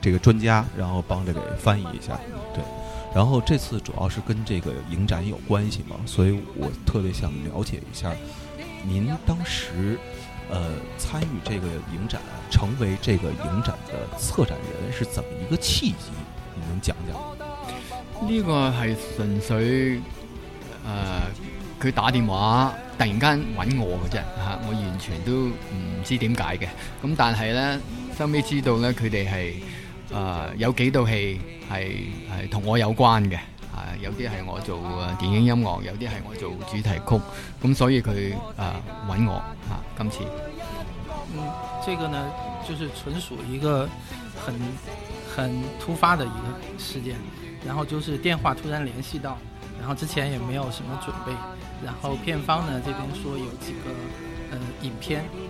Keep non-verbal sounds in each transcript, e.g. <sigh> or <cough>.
這個專家，然後幫着給翻譯一下，對。然後這次主要是跟這個影展有關係嘛，所以我特別想了解一下，您當時，呃，參與這個影展，成為這個影展的策展人是怎麼一個契機？你能講講嗎？呢個係純粹，呃，佢打電話突然間搵我嘅啫，吓、啊，我完全都唔知點解嘅。咁但係咧。收尾知道咧，佢哋係誒有幾套戲係係同我有關嘅，係、啊、有啲係我做電影音樂，有啲係我做主題曲，咁所以佢誒揾我吓、啊、今次。嗯，這個呢，就是純屬一個很很突發的一個事件，然後就是電話突然聯繫到，然後之前也沒有什麼準備，然後片方呢，這邊說有幾個嗯、呃、影片。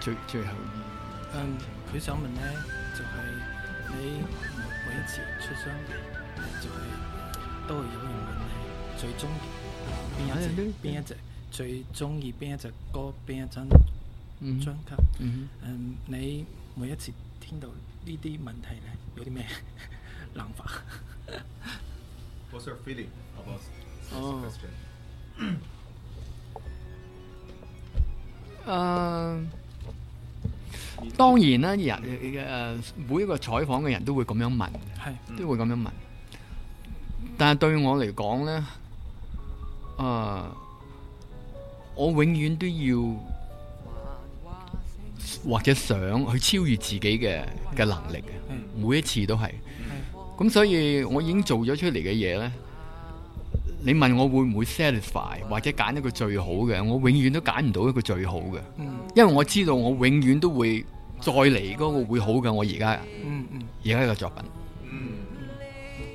最最後，嗯，佢想問呢就係，是，你每一次出嘅就係都係有樣問題。最鍾意邊一隻？邊一隻最鍾意邊一隻歌？邊一張嗯，專輯嗯嗯，mm -hmm. um, 你每一次聽到呢啲問題咧，有啲咩諗法？What's your feeling about this question？誒、啊，當然啦，人誒，每一個採訪嘅人都會咁樣問，都會咁樣問。但係對我嚟講咧，誒、啊，我永遠都要或者想去超越自己嘅嘅能力，每一次都係。咁所以我已經做咗出嚟嘅嘢咧。你問我會唔會 satisfy，或者揀一個最好嘅，啊，我永遠都揀唔到一個最好嘅，嗯，因為我知道我永遠都會再嚟嗰個會好嘅。我而家，而家呢個作品，嗯嗯嗯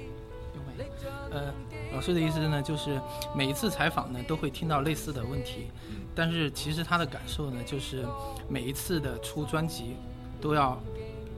因為呃。老師的意思呢，就是每一次採訪呢都會聽到類似嘅問題，嗯，但是其實他的感受呢，就是每一次嘅出專輯都要。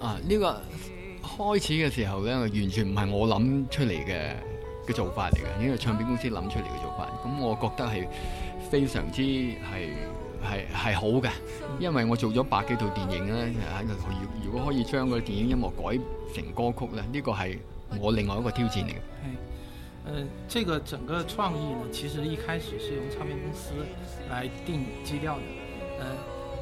啊！呢個開始嘅時候呢，完全唔係我諗出嚟嘅嘅做法嚟嘅，呢個唱片公司諗出嚟嘅做法。咁我覺得係非常之係係係好嘅、嗯，因為我做咗百幾套電影呢、啊，如果可以將個電影音樂改成歌曲呢，呢個係我另外一個挑戰嚟嘅。嗯、呃，這個整個創意呢，其實一開始是用唱片公司來定基調的，嗯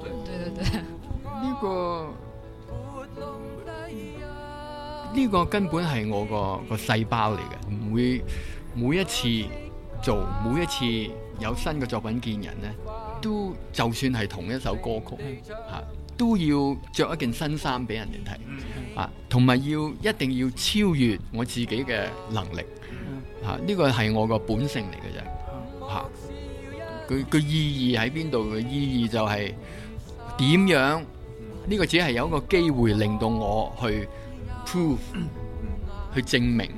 對對對，呢個呢個根本係我個個細胞嚟嘅，每每一次做，每一次有新嘅作品見人呢，都就算係同一首歌曲，吓，啊，都要着一件新衫俾人哋睇，啊，同埋要一定要超越我自己嘅能力，吓，啊，呢個係我個本性嚟嘅啫，吓，啊。佢佢意義喺邊度？嘅意義就係點樣呢，這個只係有一個機會令到我去 prove，嗯，去證明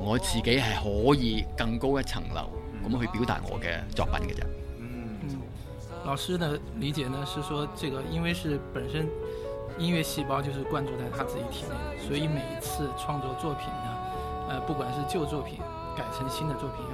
我自己係可以更高一層樓咁去表達我嘅作品嘅啫，嗯。嗯，老師的理解呢，是說這個因為是本身音樂細胞就是灌注在他自己體內，所以每一次創作作品呢，誒、呃，不管是舊作品改成新的作品。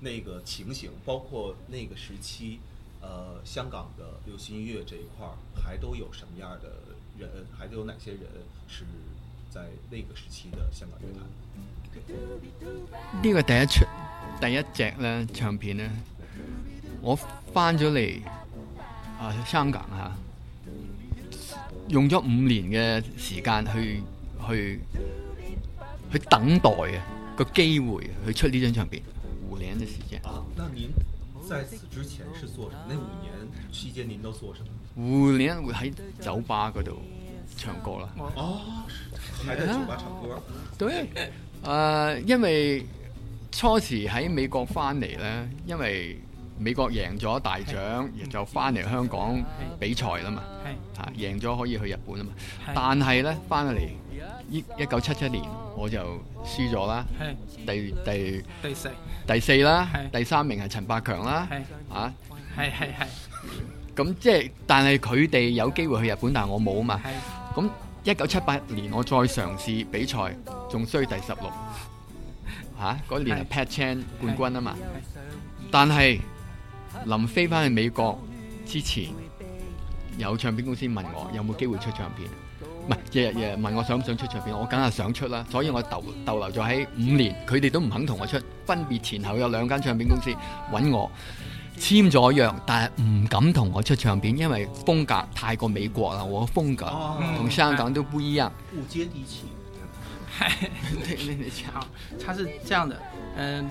那個情形，包括那個時期，呃，香港的流行音樂這一塊，還都有什麼樣的人，還都有哪些人是在那個時期的香港樂壇？呢、嗯、個、嗯、第一出、第一隻咧唱片呢，我翻咗嚟啊，香港吓、啊，用咗五年嘅時間去去去等待嘅個機會去出呢張唱片。年嘅時間啊！那您在此之前是做咩？那五年期間您都做咩？五年我喺酒吧嗰度唱歌啦。哦，仲喺酒吧唱歌 <laughs> 對，呃，因為初時喺美國翻嚟咧，因為。美國贏咗大獎，就翻嚟香港比賽啦嘛，嚇贏咗可以去日本啊嘛。但係咧翻咗嚟，一九七七年我就輸咗啦，第第第四第四啦，第三名係陳百強啦，嚇係係係。咁即係，但係佢哋有機會去日本，但係我冇啊嘛。咁一九七八年我再嘗試比賽，仲衰第十六嚇，嗰年 Pat Chan 冠軍啊嘛，但係。林飛返去美國之前，有唱片公司問我有冇機會出唱片，唔係日日日問我想唔想出唱片，我梗係想出啦。所以我逗逗留咗喺五年，佢哋都唔肯同我出。分別前後有兩間唱片公司搵我簽咗約，但係唔敢同我出唱片，因為風格太過美國啦，我風格同香港都不一樣。不接地氣，是，對對對，他是這樣的，嗯、呃。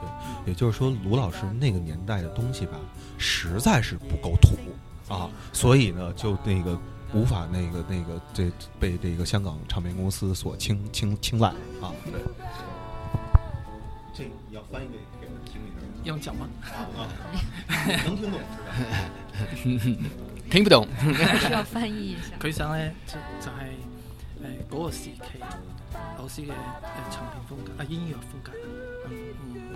對，也就是說，盧老師那個年代的東西吧，實在是不夠土啊，所以呢，就那個無法那個那個這被這個香港唱片公司所青青青睞啊。對，這個你要翻譯給他們聽一下，用講嗎？啊能聽懂是吧？聽不懂， <laughs> <laughs> 需要翻譯一下。佢想咧就係誒嗰個時期老師嘅誒唱片風格啊音樂風格。 <music> <music> 嗯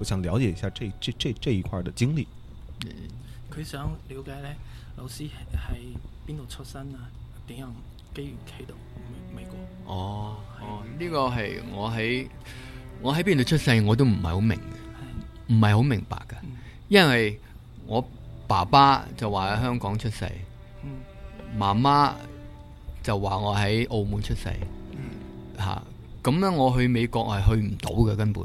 我想了解一下這這這這一塊的經歷。佢、嗯、想了解呢，老師係邊度出身啊？點樣機緣企到美國？哦，哦，呢、這個係我喺我喺邊度出世，我都唔係好明，唔係好明白噶、嗯。因為我爸爸就話喺香港出世、嗯，媽媽就話我喺澳門出世，吓咁樣我去美國係去唔到嘅根本。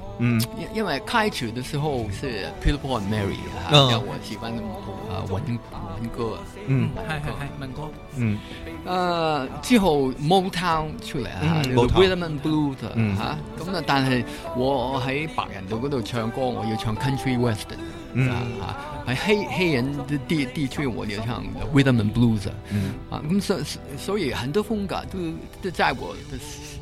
嗯，因因為開始嘅時候是 Peter, Paul and Mary 吓、嗯，咁、啊、我喜歡咁多啊文文歌，嗯，係係係民歌，嗯，誒、嗯啊、之後 Motown 出嚟吓 Wyerman Blues 吓，咁、嗯嗯嗯、啊，但係我喺白人度嗰度唱歌，我要唱 Country Western、嗯、啊吓，喺黑黑人的地地區，地我要唱 Wyerman Blues、嗯、啊，咁所以所以很多風格都都在我。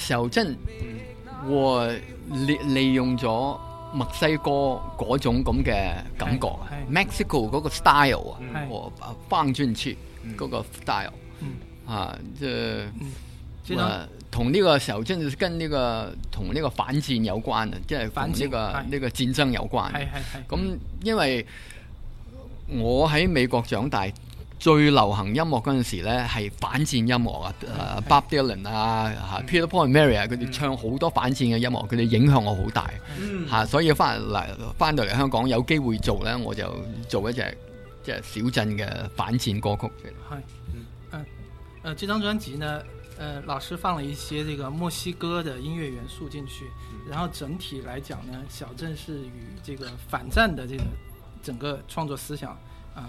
時候真我利利用咗墨西哥嗰種咁嘅感覺，Mexico 嗰、嗯嗰個 style,、嗯嗰個 style 嗯、啊，我放進去嗰個 style 啊，即係同呢個小鎮跟呢個同呢個反戰有關啊，即係反呢、就是這個呢、這個戰爭有關。咁因為我喺美國長大。最流行音樂嗰陣時咧，係反戰音樂啊，Bob Dylan 啊，Peter Paul and Mary 啊，佢、嗯、哋唱好多反戰嘅音樂，佢、嗯、哋影響我好大嚇、嗯啊，所以翻嚟翻到嚟香港有機會做咧，我就做一隻即係小鎮嘅反戰歌曲。係，嗯、啊，誒、呃，這張專輯呢，誒、呃，老師放了一些這個墨西哥嘅音樂元素進去，然後整體嚟講呢，小鎮是與這個反戰的這個整個創作思想啊。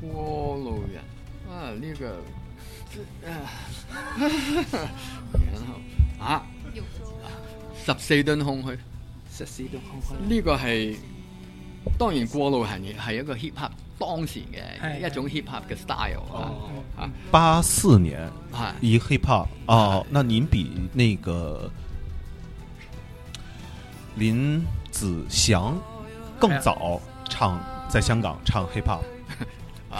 過路人啊，呢、這個啊，啊，十四噸空虛，十四噸空虛，呢、這個係當然過路人嘅係一個 hip hop 當時嘅一種 hip hop 嘅 style、哦、啊。八四年，以 hip hop 哦、呃，那您比那個林子祥更早唱在香港唱 hip hop？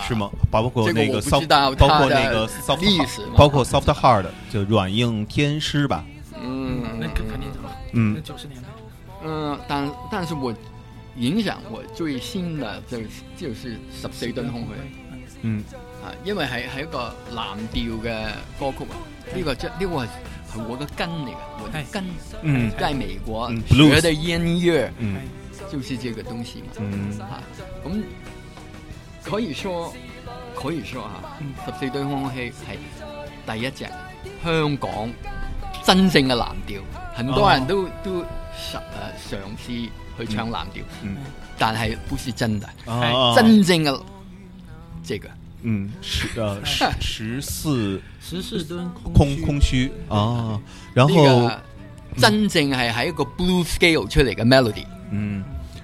是嗎？包括那個 soft，啊這個、包括那個 s o 歷史，包括 soft hard，就軟硬天師吧。嗯，那肯定的嘛。嗯，九十年代。嗯，但但是我影響我最新的就是、就是十《十四噸紅灰》。嗯啊，因為係係一個藍調嘅歌曲啊，呢個即呢個係我嘅根嚟嘅，我嘅根。嗯，皆、這個這個這個那個、美國學的音樂，嗯，就是這個東西嘛。嗯，嗯，嗯，嗯，嗯，blues, 嘛嗯，嗯啊，咁、嗯。可以說，可以說吓，十四噸空氣係第一隻香港真正嘅藍調，很多人都、啊、都實誒嘗試去唱藍調、嗯嗯，但係不是真嘅，真正嘅，即、啊、係、這個、嗯，十四 <laughs> 十四，十四噸空空虛、嗯、啊，然後、這個、真正係喺一個 blue scale 出嚟嘅 melody，嗯。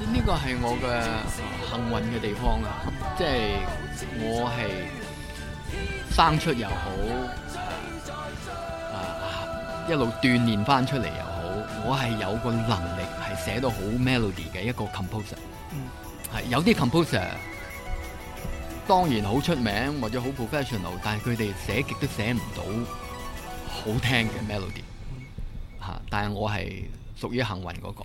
呢、個係我嘅幸運嘅地方啊，即係我係生出又好，啊一路鍛煉翻出嚟又好，我係有個能力係寫到好 melody 嘅一個 composer。嗯、係有啲 composer 當然好出名或者好 professional，但係佢哋寫極都寫唔到好聽嘅 melody。吓！但係我係屬於幸運嗰個。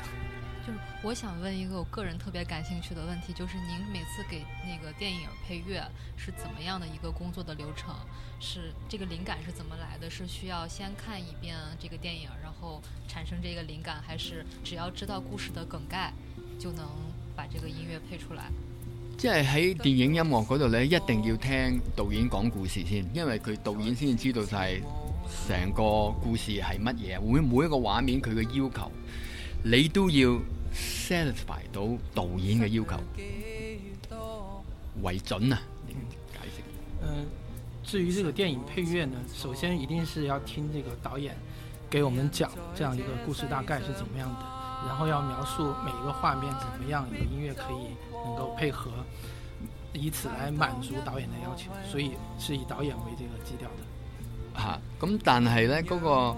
就是我想問一個我個人特別感興趣的問題，就是您每次給那個電影配樂是怎麼樣的一個工作的流程？是這個靈感是怎麼來的？是需要先看一遍這個電影，然後產生這個靈感，還是只要知道故事的梗概就能把這個音樂配出來？即係喺電影音樂嗰度咧，你一定要聽導演講故事先，因為佢導演先知道晒成個故事係乜嘢，會每一個畫面佢嘅要求。你都要 satisfy 到導演嘅要求為準啊。解釋、呃。至於這個電影配樂呢，首先一定是要聽這個導演給我們講這樣一個故事大概是怎麼樣的，然後要描述每一個畫面怎麼樣，一個音樂可以能夠配合，以此來滿足導演的要求，所以是以導演為這個基調的。吓、啊，咁、嗯、但係呢，嗰、那個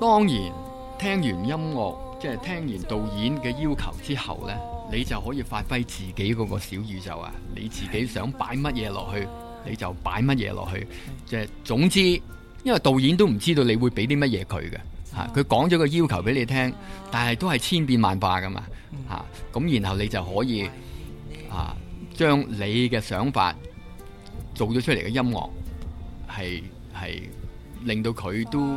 當然。聽完音樂，即係聽完導演嘅要求之後呢，你就可以發揮自己嗰個小宇宙啊！你自己想擺乜嘢落去，你就擺乜嘢落去。即係總之，因為導演都唔知道你會俾啲乜嘢佢嘅，吓，佢講咗個要求俾你聽，但係都係千變萬化噶嘛，吓、嗯、咁然後你就可以啊，將你嘅想法做咗出嚟嘅音樂，係係令到佢都。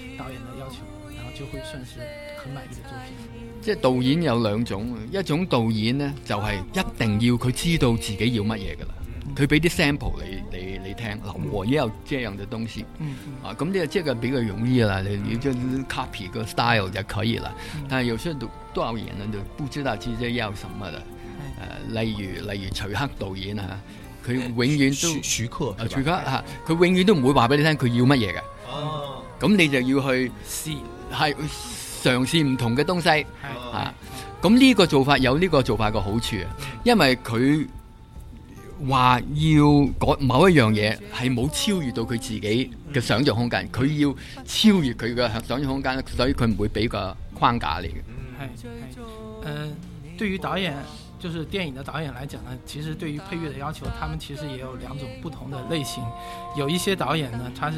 導演嘅要求，然後就會算是很滿意嘅作品。即係導演有兩種，一種導演咧就係、是、一定要佢知道自己要乜嘢噶啦，佢俾啲 sample 你你你聽，的哦、也有這樣嘅東西，嗯嗯、啊咁呢個即係比較容易噶啦、嗯，你要將 copy 個 style 就可以啦、嗯。但係有些導導演咧，就不知道自己要什麼啦，誒、嗯啊，例如例如徐克導演他啊，佢、啊、永遠都徐克徐克吓，佢永遠都唔會話俾你聽佢要乜嘢嘅。咁你就要去試，係嘗試唔同嘅東西。係咁呢個做法有呢個做法個好處啊，因為佢話要改某一樣嘢係冇超越到佢自己嘅想象空間，佢要超越佢嘅想象空間，所以佢唔會俾個框架嚟。係，嗯，對於、呃、導演，就是電影的導演來講呢，其實對於配樂的要求，他們其實也有兩種不同的類型。有一些導演呢，他是。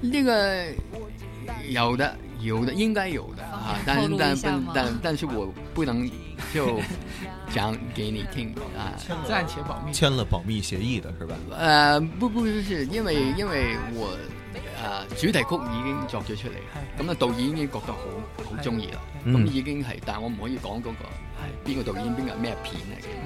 呢、這個有的有的應該有的啊、哦，但但但但，但是我不能就講給你聽 <laughs> 啊。暫且保密。簽了保密協議的是吧？呃，不不不是，因為因為我呃，主題曲已經作咗出嚟，咁啊導演已經覺得好好中意啦，咁已經係，但係我唔可以講嗰個邊個導演邊個咩片啊。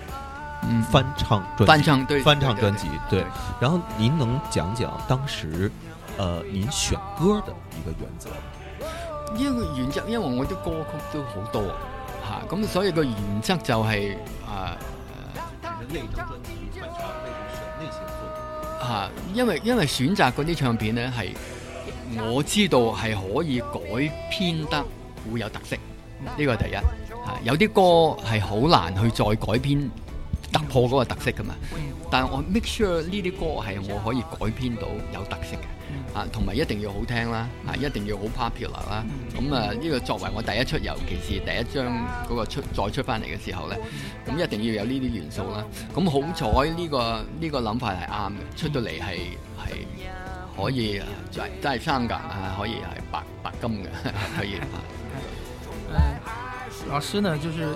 翻唱專、嗯、翻唱對翻唱專輯對，對，對，對，然後您能講講當時，呃，您選歌的一個原則？呢個原則，因為我啲歌曲都好多吓，咁、啊、所以個原則就係、是、啊，吓、啊，因為因為選擇嗰啲唱片呢係我知道係可以改編得會有特色，呢、這個係第一吓、啊，有啲歌係好難去再改編。突破嗰個特色噶嘛，但係我 make sure 呢啲歌係我可以改編到有特色嘅，啊、嗯，同埋一定要好聽啦，啊、嗯，一定要好 popular 啦、嗯，咁啊呢個作為我第一出，尤其是第一張嗰個出再出翻嚟嘅時候咧，咁、嗯、一定要有呢啲元素啦。咁好彩、呢個、呢個呢、呢個諗法係啱嘅，出到嚟係係可以即係真係生金啊，可以係白白金嘅， <laughs> 可以、嗯。老師呢就是。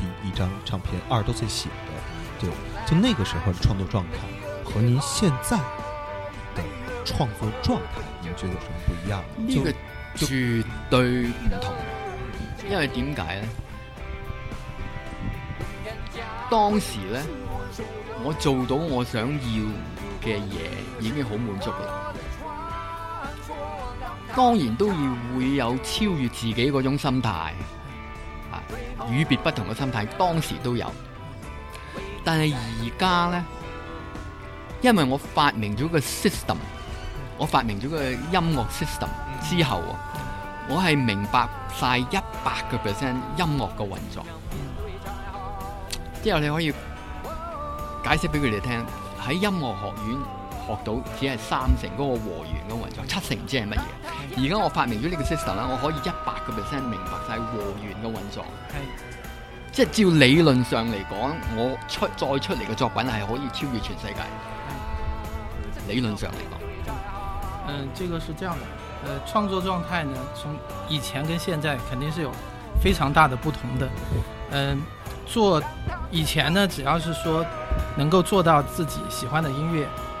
第一張唱片，二十多歲寫的，就就那個時候的創作狀態，和您現在的創作狀態，你覺得有什麼不一樣？這個絕對唔同，因為點解呢、嗯、當時呢我做到我想要嘅嘢，已經好滿足了。當然都要會有超越自己嗰種心態。與別不同嘅心態，當時都有，但係而家咧，因為我發明咗個 system，我發明咗個音樂 system 之後，我係明白晒一百個 percent 音樂嘅運作，之後你可以解釋俾佢哋聽喺音樂學院。學到只係三成嗰個和弦嘅運作，七成唔知係乜嘢。而家我發明咗呢個 system 啦，我可以一百個 percent 明白晒和弦嘅運作。即係照理論上嚟講，我出再出嚟嘅作品係可以超越全世界。理論上嚟講。嗯、呃，這個是這樣的。呃，創作狀態呢，從以前跟現在肯定是有非常大的不同的。嗯、呃，做以前呢，只要是說能夠做到自己喜歡的音樂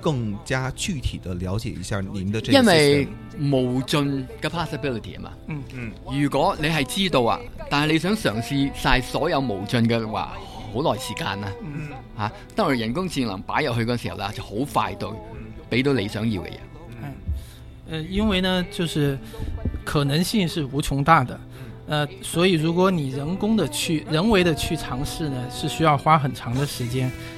更加具體的了解一下您的這，因為無盡嘅 possibility 啊嘛，嗯嗯，如果你係知道啊，但係你想嘗試晒所有無盡嘅話，好耐時間啊，嗯，吓、啊，當人工智能擺入去嗰時候啦，就好快到，俾到你想要嘅，嘢、嗯呃。因為呢，就是可能性是無窮大的、呃，所以如果你人工的去人為的去嘗試呢，是需要花很長的時間。 <laughs>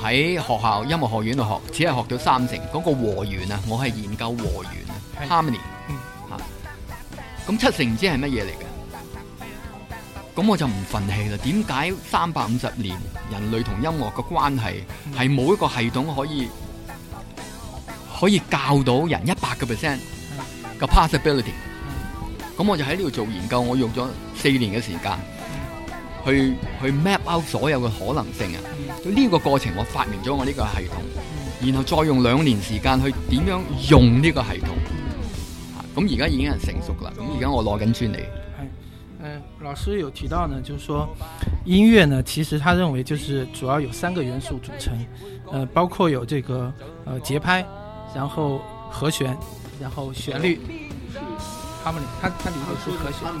喺學校音樂學院度學，只係學到三成。嗰、那個和弦啊，我係研究和弦、嗯、啊，harmony。吓，咁七成唔知係乜嘢嚟嘅？咁我就唔忿氣啦。點解三百五十年人類同音樂嘅關係係冇一個系統可以可以教到人一百個 percent 嘅 possibility？咁我就喺呢度做研究，我用咗四年嘅時間。去去 map out 所有嘅可能性啊！呢個過程我發明咗我呢個系統，然後再用兩年時間去點樣用呢個系統。咁而家已經係成熟啦。咁而家我攞緊專利。誒，老師有提到呢，就是說音樂呢，其實他認為就是主要有三個元素組成，呃，包括有這個，呃，節拍，然後和弦，然後旋律。他們他他理解成和弦。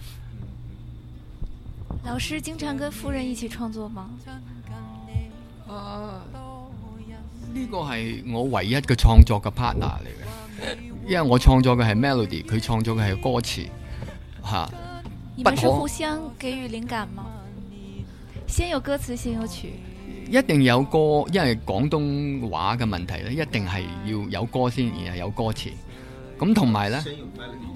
老師經常跟夫人一起創作嗎？呢、啊呢個係我唯一嘅創作嘅 partner 嚟嘅，因為我創作嘅係 melody，佢創作嘅係歌詞，吓、啊。你們是互相給予靈感嗎？先有歌詞，先有曲。一定有歌，因為廣東話嘅問題咧，一定係要有歌先，然後有歌詞。咁同埋咧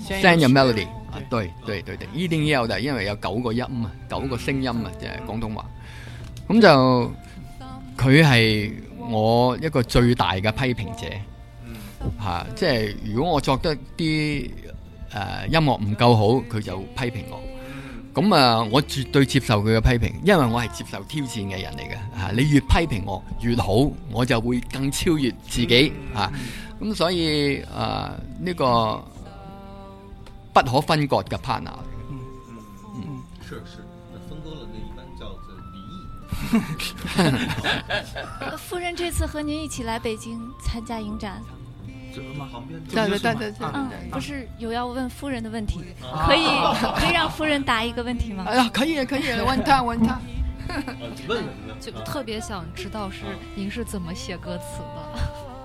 ，send the melody, melody，啊，對對對對，依啲嘢我就係因為有九個音啊，九個聲音啊，即係廣東話。咁就佢係我一個最大嘅批評者，吓、嗯啊，即係如果我作得啲誒、啊、音樂唔夠好，佢就批評我。咁啊，我絕對接受佢嘅批評，因為我係接受挑戰嘅人嚟嘅吓。你越批評我越好，我就會更超越自己吓。嗯啊。咁、嗯、所以誒呢、啊這個不可分割嘅 partner。嗯嗯是是，那分割了呢一般叫做比翼。 <laughs> <laughs> <laughs> 夫人這次和您一起來北京參加影展。對對對對對。不是有要問夫人嘅問題， <noise> 可以 <noise> <noise> 可以讓夫人答一個問題嗎？哎呀、 <noise> 啊，可以可以，問他問他。 <noise> <noise> 就特別想知道是您是怎麼寫歌詞的。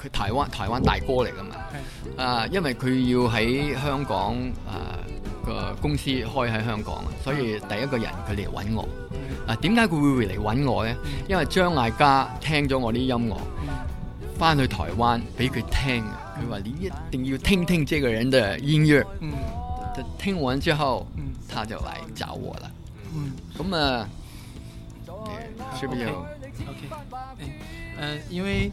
佢台灣台灣大哥嚟㗎嘛？啊，因為佢要喺香港啊個公司開喺香港，所以第一個人佢嚟揾我。啊，點解佢會嚟揾我咧？因為張艾嘉聽咗我啲音樂，翻去台灣俾佢聽。佢話：你一定要聽聽這個人嘅音樂。嗯，聽完之後，他就嚟找我啦。嗯，咁、嗯、啊，誒、嗯，小朋友，OK，、欸呃、因為。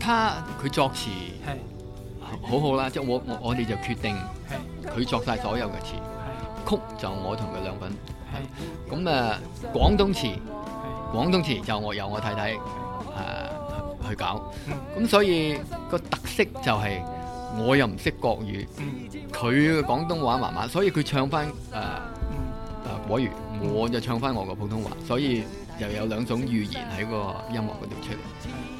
他佢作詞係好好啦，即係我我我哋就決定，佢作晒所有嘅詞，曲就我同佢兩份，咁、嗯、啊廣東詞，廣東詞就我由我太太啊去搞，咁、嗯、所以個特色就係我又唔識國語，佢嘅廣東話麻麻，所以佢唱翻，誒誒國語，我就唱翻我個普通話，所以又有兩種語言喺個音樂嗰度出嚟。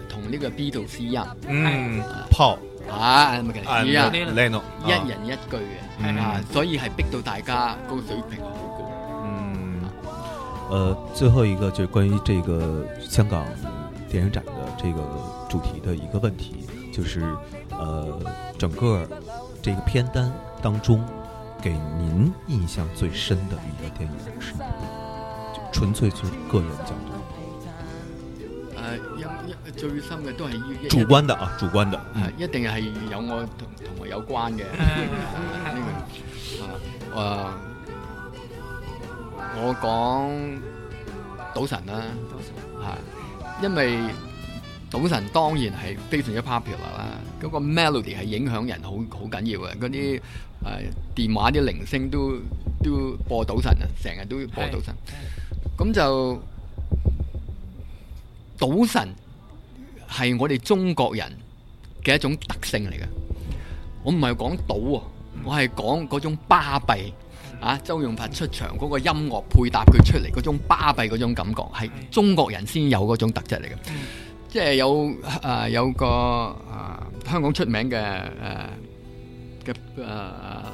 同呢個 Beatles 一樣，嗯，Paul 啊，唔係佢啊，啊，啊，啊，Lennon，一人一句嘅，係啊、嗯、啊，所以係逼到大家個水平好高。嗯、啊、呃最後一個就是關於這個香港電影展的這個主題的一個問題，就是，呃整個這個片單當中，給您印象最深的一個電影就純就是，純粹從個人角度。一一最深嘅都係依一，主觀的啊，主觀的，係一定係有我同同學有關嘅呢個啊，我講賭神啦，賭神，因為賭神當然係非常之 popular 啦，嗰個 melody 係影響人好好緊要嘅，嗰啲誒電話啲鈴聲都都播賭神啊，成日都播賭神，咁就。賭神係我哋中國人嘅一種特性嚟嘅，我唔係講賭啊，我係講嗰種巴閉啊！周潤發出場嗰個音樂配搭佢出嚟嗰種巴閉嗰種感覺，係中國人先有嗰種特質嚟嘅。即係有啊、呃，有個、呃、香港出名嘅誒嘅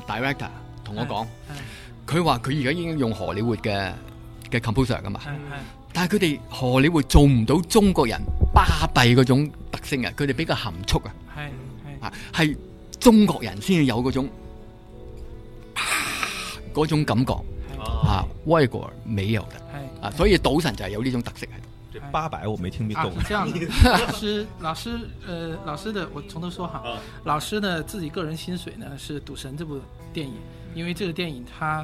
誒 director 同我講，佢話佢而家已經用荷里活嘅嘅 composer 噶嘛。但係佢哋何里會做唔到中國人巴閉嗰種特性啊？佢哋比較含蓄啊，係係啊，係中國人先至有嗰種嗰、啊、種感覺啊，外國沒有嘅啊，所以賭神就係有呢種特色喺度。八百，我未聽得懂。啊、是這樣，老 <laughs> 師老師，誒、呃，老師的，我從頭說下、啊。老師呢，自己個人薪水呢，是賭神這部電影，因為這個電影，他。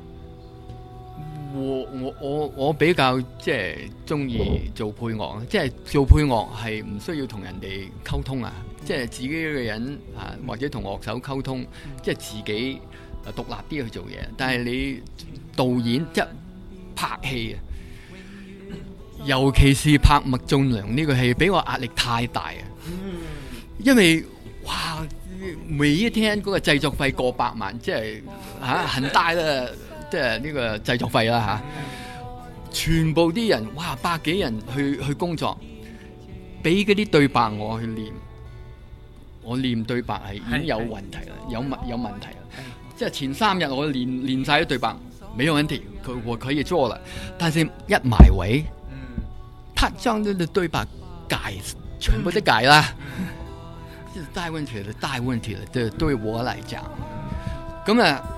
我我我我比較即係中意做配樂，即係、就是、做配樂係唔需要同人哋溝通啊！即、就、係、是、自己一個人啊，或者同樂手溝通，即、就、係、是、自己獨立啲去做嘢。但係你導演即、就是、拍戲啊，尤其是拍麥仲良呢個戲，俾我壓力太大啊！因為哇，每一天嗰個製作費過百萬，即係嚇很大啦～即係呢個製作費啦吓，全部啲人哇百幾人去去工作，俾嗰啲對白我去練，我練對白係已經有問題啦，有問有問題啦。即係前三日我練練晒啲對白，沒有問題，佢我可以做啦。但係一埋位，拍張啲對白解全部都解啦，是大問題了，大問題了。對對我嚟講，咁啊。